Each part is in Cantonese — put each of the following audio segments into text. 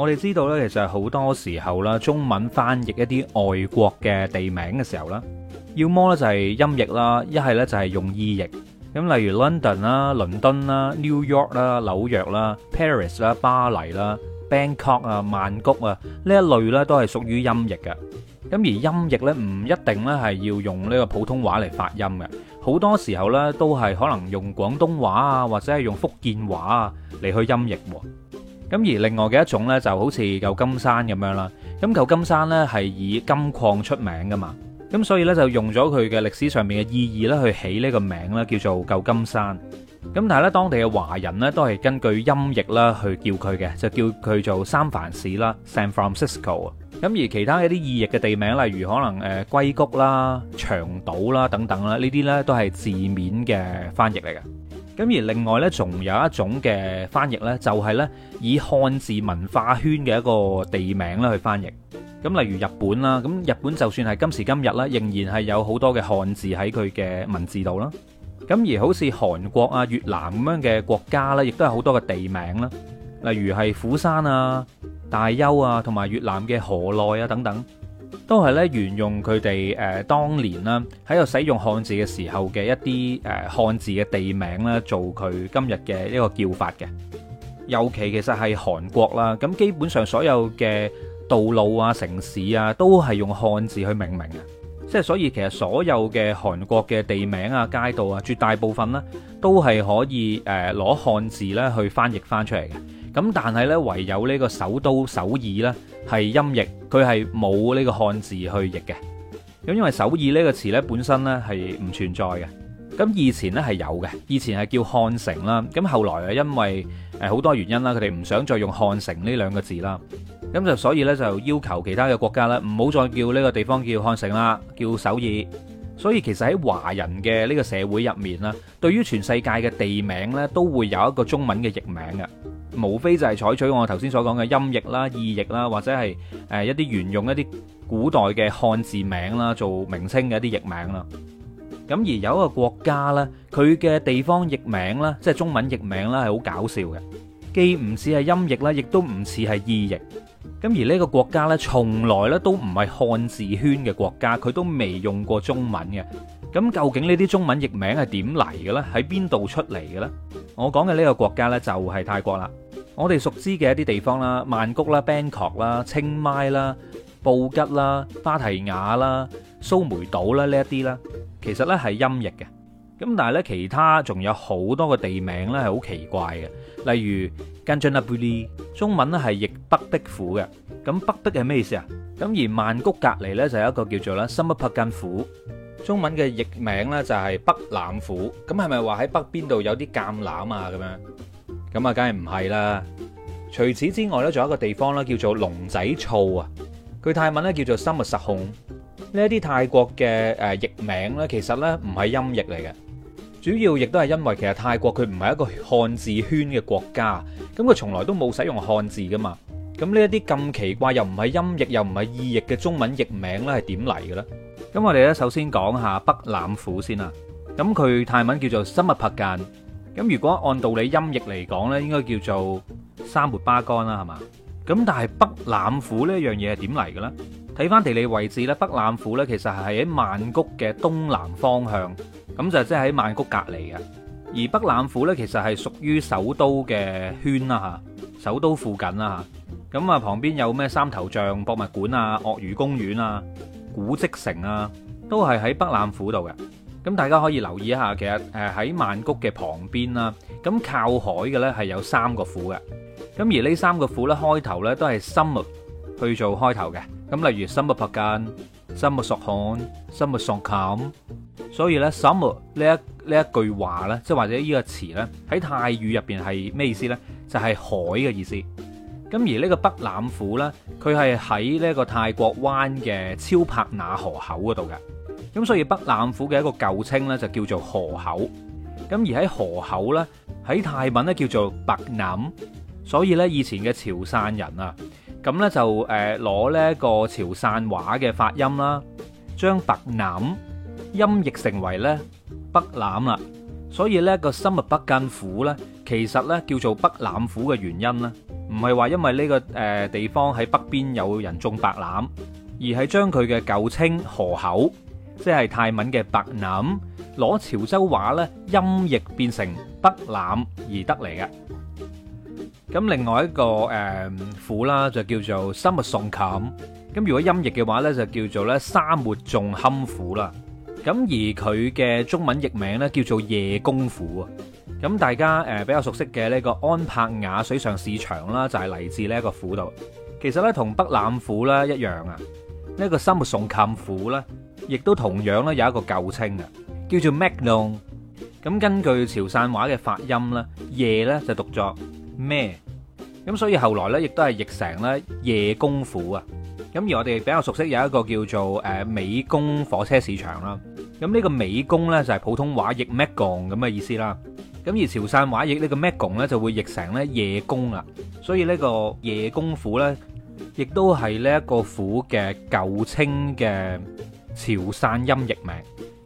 我哋知道咧，其實好多時候啦，中文翻譯一啲外國嘅地名嘅時候啦，要麼咧就係音譯啦，一係咧就係用意譯。咁例如 London 啦、倫敦啦、New York 啦、紐約啦、Paris 啦、巴黎啦、Bangkok 啊、曼谷啊，呢一類咧都係屬於音譯嘅。咁而音譯咧唔一定咧係要用呢個普通話嚟發音嘅，好多時候咧都係可能用廣東話啊，或者係用福建話啊嚟去音譯喎。咁而另外嘅一種咧，就好似舊金山咁樣啦。咁舊金山咧係以金礦出名噶嘛，咁所以咧就用咗佢嘅歷史上面嘅意義咧，去起呢個名咧，叫做舊金山。咁但係咧，當地嘅華人咧都係根據音譯啦去叫佢嘅，就叫佢做三藩市啦 （San Francisco）。咁而其他一啲意譯嘅地名，例如可能誒硅谷啦、長島啦等等啦，呢啲咧都係字面嘅翻譯嚟嘅。咁而另外呢，仲有一種嘅翻譯呢，就係呢，以漢字文化圈嘅一個地名去翻譯。咁例如日本啦，咁日本就算係今時今日啦，仍然係有好多嘅漢字喺佢嘅文字度啦。咁而好似韓國呀，越南咁樣嘅國家呢,亦都係好多嘅地名啦。例如係釜山呀，大邱呀，同埋越南嘅河內呀，等等。都係咧沿用佢哋誒當年啦喺度使用漢字嘅時候嘅一啲誒漢字嘅地名啦，做佢今日嘅一個叫法嘅。尤其其實係韓國啦，咁基本上所有嘅道路啊、城市啊，都係用漢字去命名嘅。即係所以其實所有嘅韓國嘅地名啊、街道啊，絕大部分咧都係可以誒攞漢字咧去翻譯翻出嚟嘅。咁但係呢，唯有呢個首都首爾呢，係音譯。佢係冇呢個漢字去譯嘅，咁因為首爾呢個詞呢本身呢係唔存在嘅，咁以前呢係有嘅，以前係叫漢城啦，咁後來啊因為誒好多原因啦，佢哋唔想再用漢城呢兩個字啦，咁就所以呢就要求其他嘅國家呢唔好再叫呢個地方叫漢城啦，叫首爾，所以其實喺華人嘅呢個社會入面啦，對於全世界嘅地名呢都會有一個中文嘅譯名嘅。無非就係採取我頭先所講嘅音譯啦、意譯啦，或者係誒一啲沿用一啲古代嘅漢字名啦，做名稱嘅一啲譯名啦。咁而有一個國家咧，佢嘅地方譯名咧，即係中文譯名咧，係好搞笑嘅，既唔似係音譯咧，亦都唔似係意譯。咁而呢個國家咧，從來咧都唔係漢字圈嘅國家，佢都未用過中文嘅。咁究竟呢啲中文譯名係點嚟嘅咧？喺邊度出嚟嘅咧？我講嘅呢個國家咧，就係泰國啦。我哋熟知嘅一啲地方啦，曼谷啦、Bangkok 啦、清邁啦、布吉啦、芭提雅啦、蘇梅島啦呢一啲咧，其實咧係音譯嘅。咁但係咧，其他仲有好多個地名咧係好奇怪嘅，例如 Kanchanaburi，中文咧係「譯北碧府」嘅。咁北碧係咩意思啊？咁而曼谷隔籬咧就有一個叫做啦，Samut Prakan 府，中文嘅譯名咧就係北欖府。咁係咪話喺北邊度有啲橄欖啊？咁樣？咁啊，梗係唔係啦！除此之外呢，仲有一個地方呢，叫做龍仔醋啊，佢泰文呢，叫做“生物失控”。呢一啲泰國嘅誒譯名呢，其實呢唔係音譯嚟嘅，主要亦都係因為其實泰國佢唔係一個漢字圈嘅國家，咁佢從來都冇使用漢字噶嘛。咁呢一啲咁奇怪又唔係音譯又唔係意譯嘅中文譯名呢，係點嚟嘅咧？咁我哋呢，首先講下北欖府先啦，咁佢泰文叫做“生物拍間”。咁如果按道理音譯嚟講咧，應該叫做三沒巴幹啦，係嘛？咁但係北欖府呢一樣嘢係點嚟嘅咧？睇翻地理位置咧，北欖府咧其實係喺曼谷嘅東南方向，咁就即係喺曼谷隔離嘅。而北欖府咧其實係屬於首都嘅圈啦，嚇，首都附近啦，嚇。咁啊，旁邊有咩三頭象博物館啊、鱷魚公園啊、古蹟城啊，都係喺北欖府度嘅。咁大家可以留意一下，其實喺曼谷嘅旁邊啦，咁靠海嘅咧係有三個府嘅。咁而呢三個府咧開頭咧都係 Samut 去做開頭嘅。咁例如 Samut Prakan、Samut Sakhon、Samut Songkhram。所以咧 Samut 呢一呢一句話咧，即係或者呢個詞咧，喺泰語入邊係咩意思咧？就係、是、海嘅意思。咁而呢個北欖府咧，佢係喺呢個泰國灣嘅超柏雅河口嗰度嘅。咁所以北欖府嘅一個舊稱咧，就叫做河口。咁而喺河口咧，喺泰文咧叫做白欖，所以咧以前嘅潮汕人啊，咁咧就誒攞呢一個潮汕話嘅發音啦，將白欖音譯成為咧北欖啦。所以咧個新密北金府咧，其實咧叫做北欖府嘅原因咧，唔係話因為呢個誒地方喺北邊有人種白欖，而係將佢嘅舊稱河口。即係泰文嘅白欖，攞潮州話呢音譯變成北欖而得嚟嘅。咁另外一個誒、呃、府啦，就叫做沙漠送冚，咁如果音譯嘅話呢，就叫做咧沙漠松冚府啦。咁而佢嘅中文譯名呢，叫做夜功府啊。咁大家誒比較熟悉嘅呢個安帕雅水上市場啦，就係、是、嚟自呢一個府度。其實呢，同北欖府啦一樣啊，呢、這個沙漠送冚府呢。亦都同樣咧，有一個舊稱啊，叫做 Maeklong。咁根據潮汕話嘅發音咧，夜咧就讀作咩咁，所以後來咧亦都係譯成咧夜功府啊。咁而我哋比較熟悉有一個叫做誒美工火車市場啦。咁呢個美工咧就係普通話譯 Maeklong 咁嘅意思啦。咁而潮汕話譯呢個 Maeklong 咧就會譯成咧夜工啊。所以呢個夜功府咧亦都係呢一個府嘅舊稱嘅。潮汕音譯名，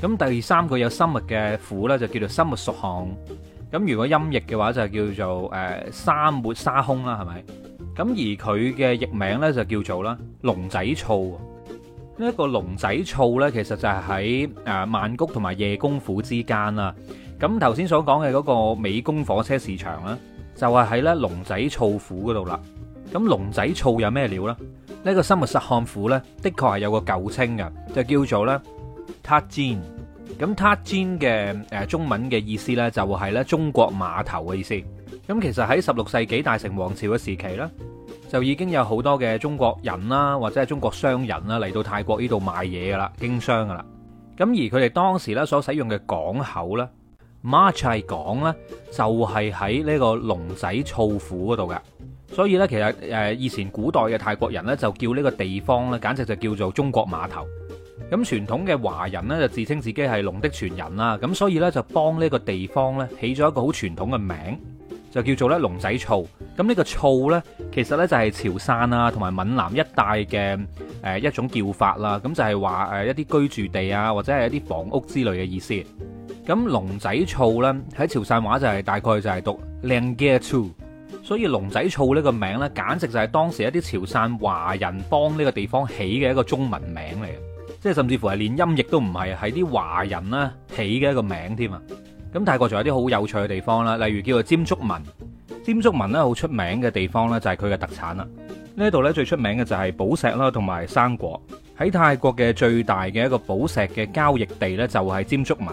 咁第三個有生物嘅府咧就叫做生物屬項，咁如果音譯嘅話就係叫做誒沙漠沙空啦，係咪？咁而佢嘅譯名咧就叫做啦龍仔醋，呢一個龍仔醋咧其實就係喺誒曼谷同埋夜功府之間啦。咁頭先所講嘅嗰個美工火車市場啦，就係喺咧龍仔醋府嗰度啦。咁龍仔醋有咩料咧？呢、這個生物實漢府呢，的確係有個舊稱嘅，就叫做咧塔尖。咁塔尖嘅誒中文嘅意思呢，就係呢中國碼頭嘅意思。咁其實喺十六世紀大城王朝嘅時期呢，就已經有好多嘅中國人啦，或者係中國商人啦，嚟到泰國呢度賣嘢噶啦，經商噶啦。咁而佢哋當時呢所使用嘅港口呢，是「much 系港呢，就係喺呢個龍仔厝府嗰度嘅。所以咧，其實誒以前古代嘅泰國人咧，就叫呢個地方咧，簡直就叫做中國碼頭。咁傳統嘅華人呢，就自稱自己係龍的傳人啦。咁所以呢，就幫呢個地方呢起咗一個好傳統嘅名，就叫做咧龍仔厝。咁呢個厝呢，其實呢，就係潮汕啦同埋閩南一帶嘅誒一種叫法啦。咁就係話誒一啲居住地啊，或者係一啲房屋之類嘅意思。咁龍仔厝呢，喺潮汕話就係大概就係讀靚嘅厝。所以龍仔厝呢個名呢，簡直就係當時一啲潮汕華人幫呢個地方起嘅一個中文名嚟，即係甚至乎係連音譯都唔係喺啲華人咧起嘅一個名添啊。咁泰國仲有啲好有趣嘅地方啦，例如叫做尖竹文。尖竹文呢，好出名嘅地方呢，就係佢嘅特產啦。呢度呢，最出名嘅就係寶石啦，同埋生果。喺泰國嘅最大嘅一個寶石嘅交易地呢，就係尖竹文，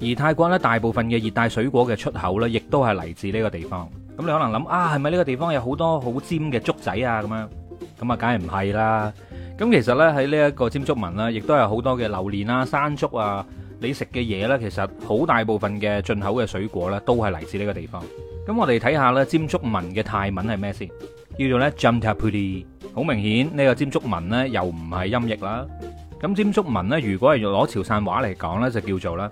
而泰國呢，大部分嘅熱帶水果嘅出口呢，亦都係嚟自呢個地方。咁你可能諗啊，係咪呢個地方有好多好尖嘅竹仔啊？咁樣，咁啊，梗係唔係啦。咁其實咧喺呢一個尖竹汶啦，亦都有好多嘅榴蓮啊、山竹啊，你食嘅嘢，咧其實好大部分嘅進口嘅水果咧，都係嚟自呢個地方。咁我哋睇下咧，尖竹汶嘅泰文係咩先，叫做咧 Chanthaburi。好明顯呢個尖竹汶咧，又唔係音譯啦。咁尖竹汶咧，如果係用攞潮汕話嚟講咧，就叫做咧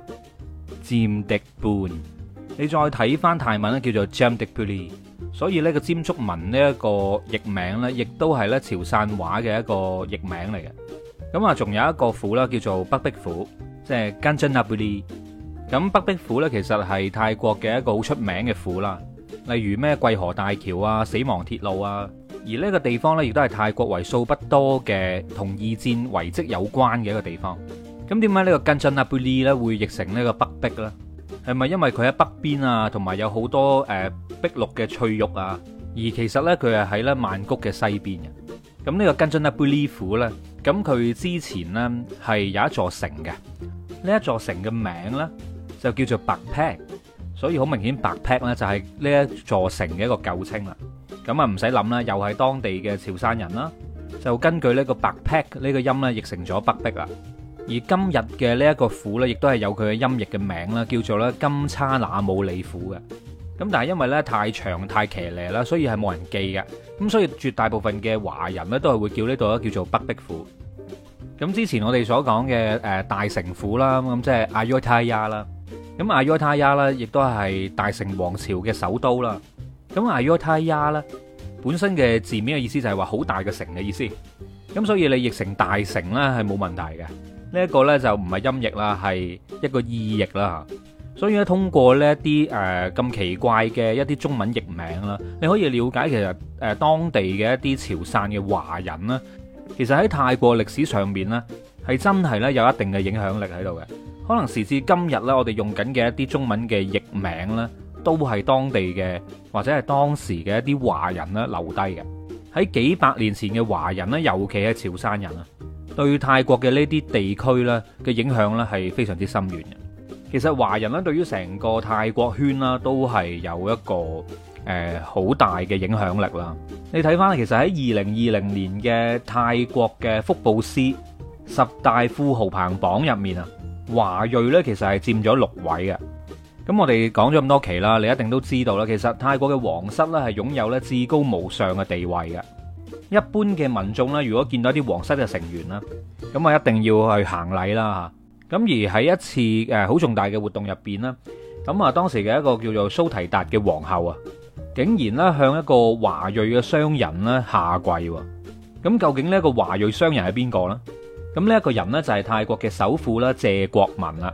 尖滴半。你再睇翻泰文咧，叫做 Jam Dipri，所以呢個尖竹汶呢一個譯名呢，亦都係潮汕話嘅一個譯名嚟嘅。咁啊，仲有一個府啦，叫做北碧府，即係 Gungnaburi。咁北碧府呢，其實係泰國嘅一個好出名嘅府啦。例如咩桂河大橋啊、死亡鐵路啊，而呢一個地方呢，亦都係泰國為數不多嘅同二戰遺跡有關嘅一個地方。咁點解呢個 Gungnaburi 會譯成呢個北碧呢？係咪因為佢喺北邊啊，同埋有好多誒、呃、碧綠嘅翠玉啊？而其實咧，佢係喺咧曼谷嘅西邊嘅。咁、嗯這個、呢個根津 l i 利府咧，咁佢之前咧係有一座城嘅。呢一座城嘅名咧就叫做白 p a 帕，所以好明顯白 p a 帕咧就係呢一座城嘅一個舊稱啦。咁啊唔使諗啦，又係當地嘅潮汕人啦，就根據呢個白 p a 帕呢個音咧譯成咗北碧啦。而今日嘅呢一個府咧，亦都係有佢嘅音譯嘅名啦，叫做咧金叉那姆里府嘅。咁但係因為咧太長太騎呢啦，所以係冇人記嘅。咁所以絕大部分嘅華人咧都係會叫呢度咧叫做北壁府。咁之前我哋所講嘅誒大城府啦，咁即係阿約泰亞啦。咁阿約泰亞啦，亦都係大城王朝嘅首都啦。咁阿約泰亞咧本身嘅字面嘅意思就係話好大嘅城嘅意思。咁所以你譯成大城咧係冇問題嘅。呢一個呢就唔係音譯啦，係一個意譯啦。所以咧，通過呢啲誒咁奇怪嘅一啲中文譯名啦，你可以了解其實誒當地嘅一啲潮汕嘅華人啦，其實喺泰國歷史上面呢，係真係咧有一定嘅影響力喺度嘅。可能時至今日呢，我哋用緊嘅一啲中文嘅譯名呢，都係當地嘅或者係當時嘅一啲華人啦留低嘅。喺幾百年前嘅華人啦，尤其係潮汕人啊。對泰國嘅呢啲地區呢嘅影響呢係非常之深遠嘅。其實華人呢對於成個泰國圈啦都係有一個誒好大嘅影響力啦。你睇翻其實喺二零二零年嘅泰國嘅福布斯十大富豪排行榜入面啊，華裔呢其實係佔咗六位嘅。咁我哋講咗咁多期啦，你一定都知道啦。其實泰國嘅皇室呢係擁有呢至高無上嘅地位嘅。一般嘅民眾咧，如果見到啲皇室嘅成員啦，咁啊一定要去行禮啦嚇。咁而喺一次誒好重大嘅活動入邊咧，咁啊當時嘅一個叫做蘇提達嘅皇后啊，竟然咧向一個華裔嘅商人咧下跪。咁究竟呢一個華裔商人係邊個呢？咁呢一個人呢，就係泰國嘅首富啦，謝國民啦。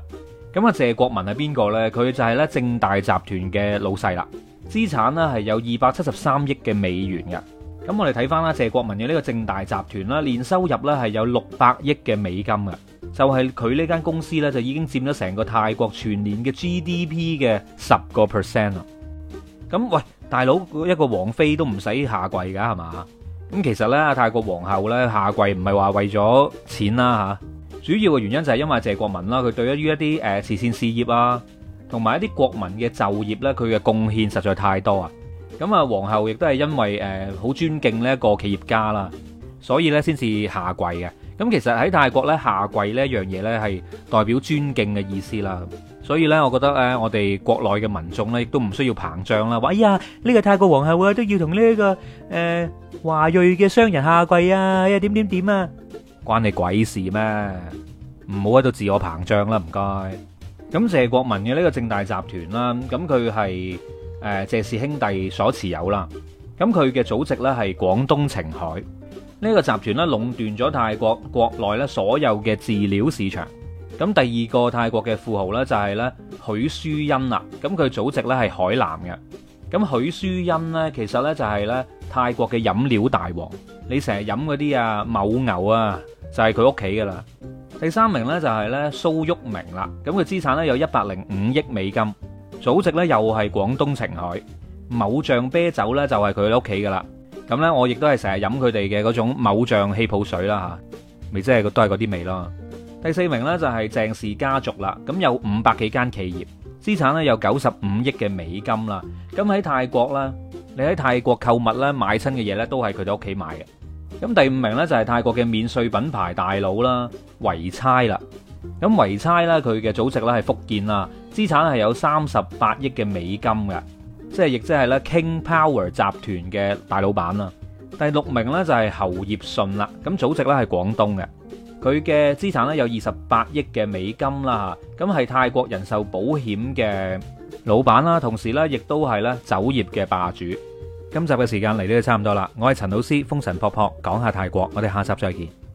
咁啊，謝國民係邊個呢？佢就係咧正大集團嘅老細啦，資產咧係有二百七十三億嘅美元嘅。咁我哋睇翻啦，謝國民嘅呢個正大集團啦，年收入呢係有六百億嘅美金㗎。就係佢呢間公司呢，就已經佔咗成個泰國全年嘅 GDP 嘅十個 percent 啦。咁喂，大佬，一個王妃都唔使下跪噶係嘛？咁其實呢，泰國皇后呢，下跪唔係話為咗錢啦吓，主要嘅原因就係因為謝國民啦，佢對於一啲誒、呃、慈善事業啊，同埋一啲國民嘅就業呢，佢嘅貢獻實在太多啊！咁啊，皇后亦都係因為誒好尊敬呢一個企業家啦，所以咧先至下跪嘅。咁其實喺泰國咧，下跪呢一樣嘢咧係代表尊敬嘅意思啦。所以咧，我覺得咧，我哋國內嘅民眾咧亦都唔需要膨脹啦。話哎呀，呢個泰國皇后啊都要同呢個誒華裔嘅商人下跪啊？哎呀點點點啊？關你鬼事咩？唔好喺度自我膨脹啦，唔該。咁謝國民嘅呢個正大集團啦，咁佢係。誒謝氏兄弟所持有啦，咁佢嘅祖籍咧係廣東澄海，呢個集團咧壟斷咗泰國國內咧所有嘅飼料市場。咁第二個泰國嘅富豪咧就係咧許書欣啦，咁佢祖籍咧係海南嘅，咁許書欣咧其實咧就係咧泰國嘅飲料大王，你成日飲嗰啲啊某牛啊，就係佢屋企㗎啦。第三名咧就係咧蘇旭明啦，咁佢資產咧有一百零五億美金。祖籍咧又係廣東澄海，某醬啤酒咧就係佢咧屋企噶啦。咁咧我亦都係成日飲佢哋嘅嗰種某醬氣泡水啦吓，咪即係都係嗰啲味咯。第四名咧就係鄭氏家族啦，咁有五百幾間企業，資產咧有九十五億嘅美金啦。咁喺泰國咧，你喺泰國購物咧買親嘅嘢咧都係佢哋屋企買嘅。咁第五名咧就係泰國嘅免稅品牌大佬啦維差啦。咁維差咧，佢嘅祖籍咧係福建啦，資產係有三十八億嘅美金嘅，即係亦即係咧 King Power 集團嘅大老闆啦。第六名咧就係侯業信啦，咁祖籍咧係廣東嘅，佢嘅資產咧有二十八億嘅美金啦嚇，咁係泰國人壽保險嘅老闆啦，同時咧亦都係咧酒業嘅霸主。今集嘅時間嚟呢就差唔多啦，我係陳老師，風塵僕僕講下泰國，我哋下集再見。